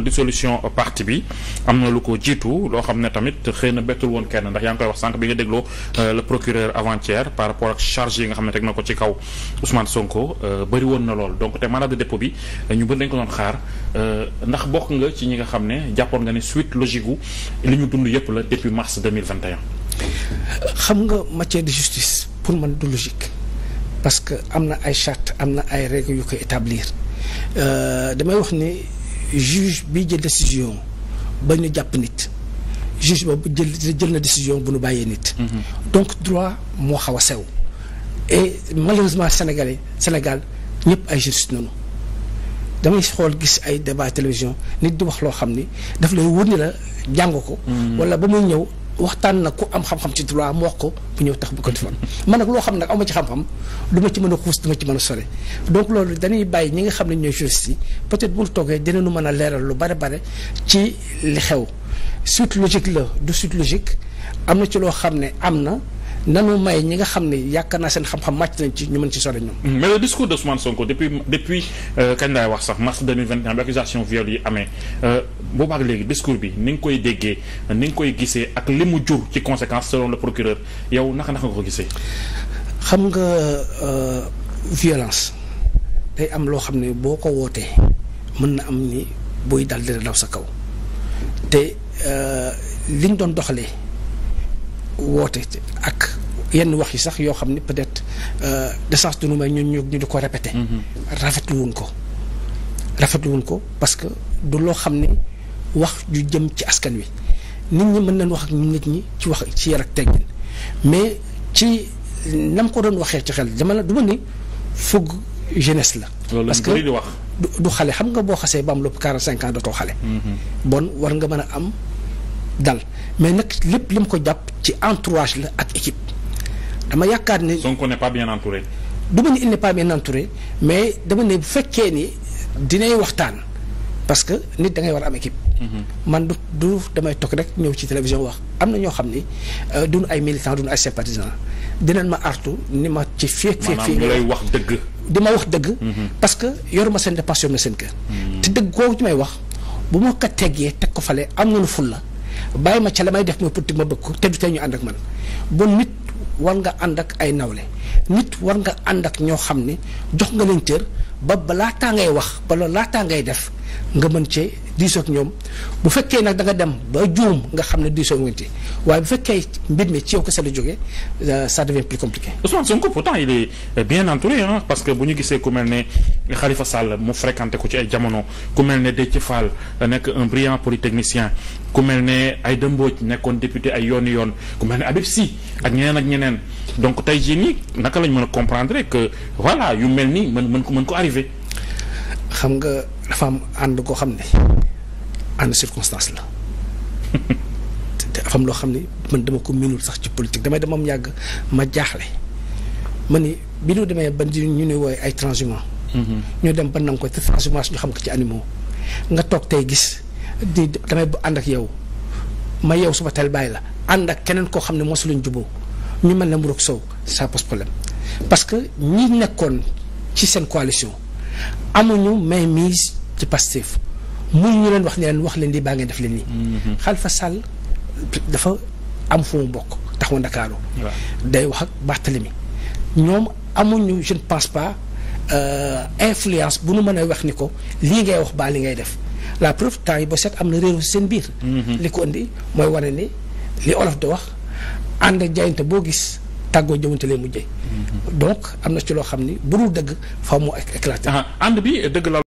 dissolution parti bi am na lu ko jiitu loo xam ne tamit xëy na bettul woon kenn ndax yaa ngi koy wax sànq bi nga dégloo euh, le procureur avant par rapport ak charge yi nga xam ne teg na ko ci kaw Ousmane Sonko euh, bëri woon na lool donc te mandat de dépôt bi euh, ñu bëri dañ ko doon xaar ndax bokk nga ci ñi nga xam ne jàppoon nga ne suite logique li ñu dund yëpp la depuis mars 2021 xam nga matière de justice pour man du logique parce que am na ay charte am na ay règles yu koy wax ni juge bi jël décision ba ñu jàpp nit juge boobu jël jël na décision bu ñu bàyyee nit. donc droit moo xaw a sew. et malheureusement sénégalais Sénégal ñëpp ay juriste noonu damay xool gis ay débat télévision nit di wax loo xam ni daf lay wóor ni la jàng ko. Mm-hmm. wala ba muy ñëw. waxtaan nag ku am xam-xam ci droit mu wax ko bu ñëw tax bu ko defoon man nag loo xam nag ama ci xam-xam du ma ci mën a xuus du ci mën a sore donc loolu dañuy bàyyi ñi nga xam ne ñooy juristes yi peut-être bul toogee dinañu mën a leeral lu bare bare ci li xew suite logique la du suite logique am na ci loo xam ne am na nanu may ñi nga xam ne yaakaar naa seen xam-xam màcc nañ ci ñu mën ci sore ñoom. Mm-hmm. mais le discours de Ousmane Sonko depuis depuis euh, kañ laay wax sax mars 2021 bi accusation viol yi amee euh, boobaak léegi discours bi ni nga koy déggee ni nga koy gisee ak li mu jur ci conséquence selon le procureur yow nax naka nga ko gisee. xam nga euh, violence tey am loo xam ne boo ko wootee mën na am ni buy dal dina daw sa kaw te liñ doon doxalee. woote ak yenn wax yi sax yoo xam ni peut-être euh, décence du nu may ñun ñu ñu di ko répété. Mm-hmm. rafetlu wuñ ko rafetlu wuñ ko parce que du loo xam ne wax ju jëm ci askan wi nit ñi mën nañ wax ak nit ñi ci wax ci yar ak teggin mais ci nam ko doon waxee ci xel dama du ma ni fugg jeunesse la. parce que du xale xam nga boo xasee ba am lépp quarante cinq ans dootoo xale. Mm-hmm. bon war nga mën a am. dal mais nag lépp li mu ko jàpp ci entourage la ak équipe dama yaakaar ni Sonko n'est pas bien entouré. du ma ne il n'est pas bien entouré mais dama ne bu fekkee ni dinay waxtaan parce que nit da war am équipe. Mhm. man du du damay toog rek ñëw ci télévision wax am na ñoo xam ni euh, duñu ay militants duñu ay sympathisants dinañ ma artu ni ma ci fii fii fii ñu lay wax dëgg. di ma wax dëgg. Mhm. parce que yoruma seen dépense yor seen kër. Mhm. te dëgg kooku ci may wax bu ma ko teggee teg ko fale bàyyi ma ca la may def moo politique ma bëgg ko te du tey ñu ànd ak man bon nit war nga ànd ak ay nawle nit war nga ànd ak ñoo xam ni jox nga leen cër ba ba laataa ngay wax ba laataa ngay def nga mën cee diisoog ñoom bu fekkee nag da nga dem ba juum nga xam ne diisoog ngeen ci waaye bu fekkee mbir mi ci yow kese la jógee euh, ça devient plus compliqué. Ousmane Sonko pourtant il est euh, bien entouré parce que bu ñu gisee ku mel ne Khalifa Sall mu fréquenté ko ci ay jamono ku mel ne Déthié Fall euh, nekk un brillant polytechnicien ku mel ne Aïda Mbodj nekkoon député ay yoon yoon ku mel ne Habib Sy ak ñeneen ak ñeneen donc tey jii nii naka lañ mën a comprendre que yu mel nii mën mën ko mën ko arrivé. dafa am ànd koo xam ne ànd circonstance la te am loo xam ne man dama ko miinul sax ci politique damay dama am yàgg ma jaaxle ma ni bi ñu demee ba ñu ne wooye ay transhumants. Mhm. ñu dem ba nangu ko te transhumance ñu xam ko ci animaux nga toog tey gis di damay ànd ak yow ma yow suba teel bàyyi la ànd ak keneen koo xam ne mosu luñ juboo ñu mel ne Mburok Sow ça pose problème parce que ñi nekkoon ci seen coalition. amuñu main mise ci Pastef muy ñu leen wax ne leen wax leen lii baa ngeen def leen xal mhm. Khalifa Sall dafa am fu mu bokk taxawu Ndakaaru. day wax ak Barthélemy ñoom amuñu je ne pense pas euh, influence bu nu mën a wax ni ko lii ngay wax baa li ngay def la preuve temps yi ba set am na réew seen biir. Mhm. li ko indi mooy wane ni li olof di wax ànd ak boo gis. tàggoo jëwante lay mujjee mm-hmm. donc am na ci loo xam ni bu dul dëgg faaw mu éclaté ànd bi dëgg la